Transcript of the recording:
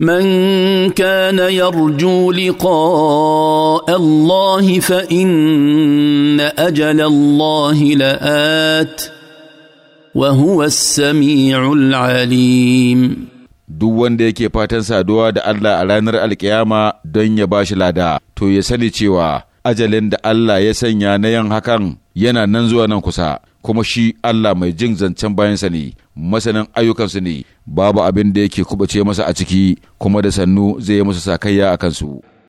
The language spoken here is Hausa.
من كان يرجو لقاء الله فان اجل الله لات وهو السميع العليم duk wanda yake fatan saduwa da Allah a ranar alkiyama don ya bashi lada to ya sani cewa ajalin da Allah ya sanya na yin hakan yana nan zuwa nan kusa kuma shi Allah mai jin zancen bayansa ne masanin ayyukansu ne babu abin da yake kubace masa a ciki kuma da sannu zai yi masa sakayya a kansu